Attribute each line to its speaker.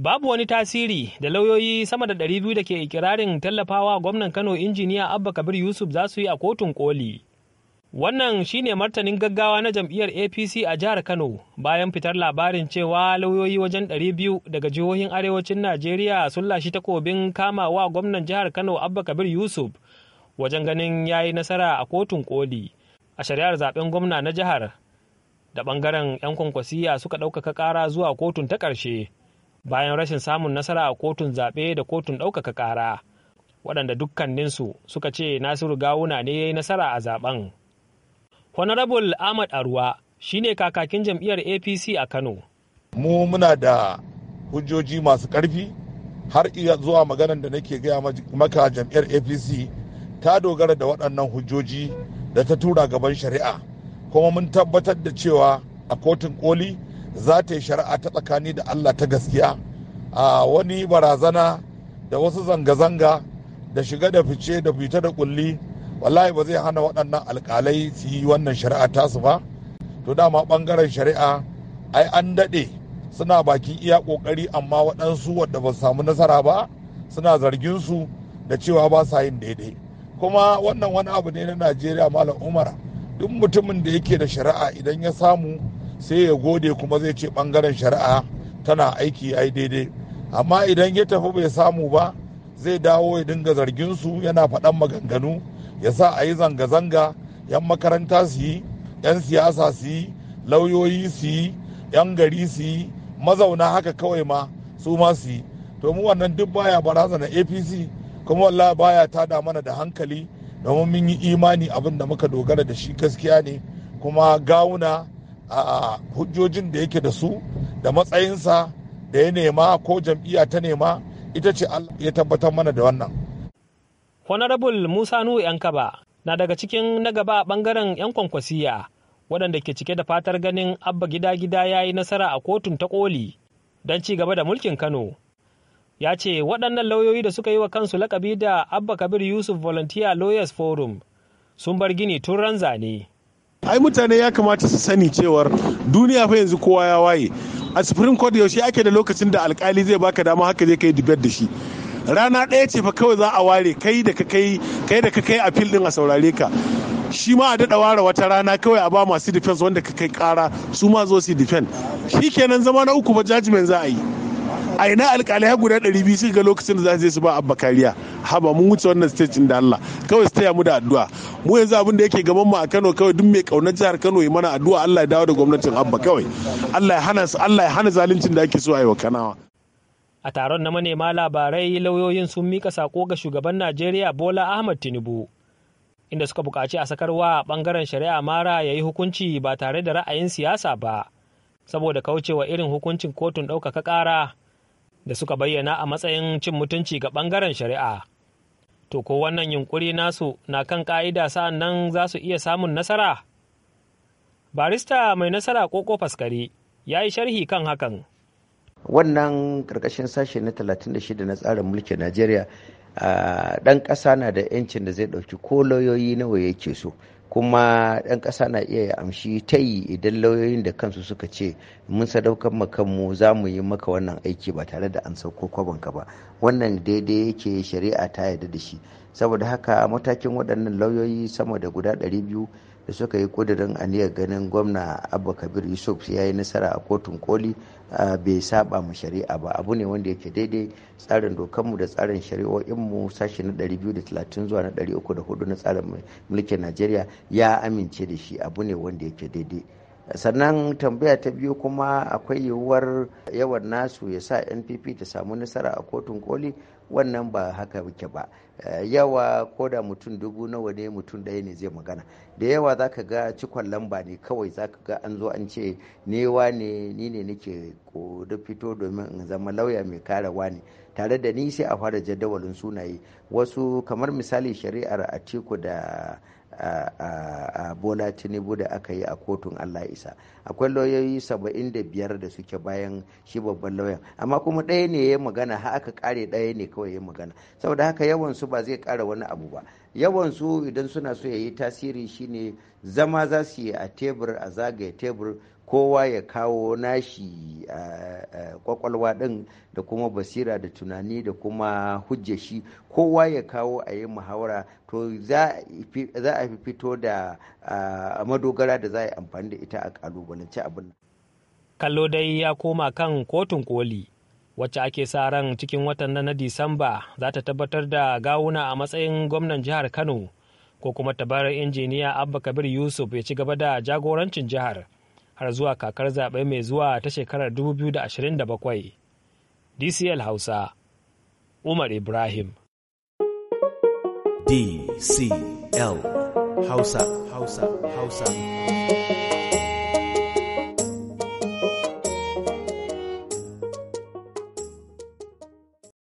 Speaker 1: Babu wani tasiri da lauyoyi sama da 200 da ke ikirarin tallafawa gwamnan Kano injiniya Abba Kabir Yusuf za su yi a kotun koli. Wannan shi ne martanin gaggawa na jam'iyyar APC a jihar Kano bayan fitar labarin cewa lauyoyi wajen 200 daga jihohin arewacin Najeriya sun lashi takobin kama wa gwamnan jihar Kano Abba Kabir Yusuf wajen ganin ya yi nasara a kotun koli a shari'ar zaben gwamna na jihar da ɓangaren 'yan kwankwasiya suka ɗaukaka ƙara zuwa kotun ta ƙarshe. bayan rashin samun nasara a kotun zaɓe da kotun ɗaukaka ƙara waɗanda dukkaninsu suka ce nasiru gawuna ne ya yi nasara a zaɓen. honorable ahmad arwa shine kakakin jam'iyyar apc a kano
Speaker 2: mu muna da hujjoji masu ƙarfi har iya zuwa maganar da nake gaya maka jam'iyyar apc ta dogara da waɗannan hujjoji da ta tura gaban shari'a kuma mun tabbatar da cewa a kotun koli za ta yi shari'a ta tsakani da allah ta gaskiya a wani barazana da wasu zanga-zanga da shiga da fice da fita da kulli wallahi ba zai hana waɗannan alkalai su yi wannan shari'a tasu ba to dama ɓangaren shari'a ai an daɗe suna bakin iya ƙoƙari amma waɗansu wadda ba su samu nasara ba suna zargin su da cewa ba sa yin daidai kuma wannan wani abu ne na najeriya malam umar duk mutumin da yake da shari'a idan ya samu sai ya gode kuma zai ce ɓangaren shari'a tana aiki ai daidai amma idan ya tafi bai samu ba zai dawo ya dinga zargin su yana faɗan maganganu ya sa a yi zanga-zanga 'yan makaranta su yi 'yan siyasa su yi lauyoyi su yi 'yan gari su yi mazauna haka kawai ma su ma su yi to mu wannan duk baya barazana apc kuma wallahi baya tada mana da hankali domin mun yi imani abin da muka dogara da shi gaskiya ne kuma gawuna a hujjojin da yake da su da matsayinsa da ya nema ko jam'iyya ta nema ita ce ya tabbatar mana da wannan.
Speaker 1: Honorable Musa Nuhu Yankaba na daga cikin na gaba a bangaren 'yan kwankwasiya waɗanda ke cike da fatar ganin abba gida-gida ya yi nasara a kotun ta koli don ci gaba da mulkin Kano. Ya ce waɗannan lauyoyi da suka yi wa kansu lakabi da Abba Kabir Yusuf Volunteer Lawyers Forum sun bar gini tun ran zane. Ai mutane ya kamata su
Speaker 3: sani cewar duniya fa yanzu kowa ya waye. a supreme court yaushe ake da lokacin da alkali zai baka dama haka zai kai debate da shi rana ɗaya ce fa kawai za a ware kai da ka kai kai da ka kai a fil din a saurare ka shi ma a daɗa ware wata rana kawai a ba masu defense wanda ka kai ƙara su ma zo su defend shi kenan zama na uku ba jajimen za a yi a ina har guda 200 suka ga lokacin da za su su ba abba kariya haba mun wuce wannan stage da Allah kawai su taya mu da addu'a mu yanzu abin da yake gaban mu a Kano kawai duk mai kaunar jihar Kano ya mana addu'a Allah ya dawo da gwamnatin Abba kawai Allah ya hana Allah ya hana zaluncin da ake so a yi wa Kanawa
Speaker 1: a taron na manema labarai lauyoyin sun mika sako ga shugaban Najeriya Bola Ahmad Tinubu inda suka bukaci a sakarwa bangaren shari'a mara ya yi hukunci ba tare da ra'ayin siyasa ba saboda kaucewa irin hukuncin kotun ɗaukaka kara da suka bayyana a matsayin cin mutunci ga bangaren shari'a. to ko wannan yunkuri nasu na kan ƙa'ida sa'an nan za su iya samun nasara? Barista mai nasara koko faskari ya yi sharhi kan hakan.
Speaker 4: Wannan karkashin sashe na 36 na tsarin mulkin Najeriya ɗan ƙasa na da 'yancin da zai ɗauki ko lauyoyi nawa yake so. kuma ɗan ƙasa na iya ya amshi ta yi idan lauyoyin da kansu suka ce mun sadaukar kanmu za mu yi maka wannan aiki ba tare da an sauko ka ba wannan daidai yake shari'a ta yarda da shi saboda haka matakin waɗannan lauyoyi sama da guda 200 da suka yi kudirin aniyar ganin gwamna abu kabir yusuf ya yi nasara a kotun koli bai saba mu shari'a ba abu ne wanda yake daidai tsarin dokanmu da tsarin shari'o'inmu sashi na 230 zuwa na 304 na tsarin mulkin najeriya ya amince da shi abu ne wanda yake daidai sannan tambaya ta biyu kuma akwai yiwuwar yawan nasu ya sa npp ta samu nasara a kotun koli wannan ba haka yake ba eh, yawa ko da mutum dubu nawa ne mutum ɗaya ne zai magana da yawa za ka ga cikon lamba ne kawai za ka ga an zo an ce ne ne ni ne nake ko fito domin in zama lauya mai kare ne tare da ni sai a fara jadawalin sunaye wasu kamar misali shari'ar atiku da a bola tinubu da aka yi a kotun allah isa akwai lauyoyi saba'in da biyar da suke bayan shi babban lauyan amma kuma ɗaya ne ya magana har aka kare ɗaya ne kawai ya magana saboda haka yawan su ba zai kara wani abu ba yawan su idan suna so ya yi tasiri shine zama za su yi a tebur a zagaye tebur kowa ya kawo nashi kwakwalwa din da kuma basira da tunani da kuma hujja shi kowa ya kawo a yi muhawara to za a fito da madogara da za a yi amfani da ita a kalubalance abin
Speaker 1: kallo dai ya koma kan kotun koli wacce ake sa ran cikin watan na disamba za ta tabbatar da gawuna a matsayin gwamnan jihar kano ko kuma tabarar injiniya abba kabir yusuf ya ci gaba da jagorancin jihar har zuwa kakar zaɓe mai zuwa ta shekarar 2027 dcl hausa umar ibrahim dcl hausa hausa hausa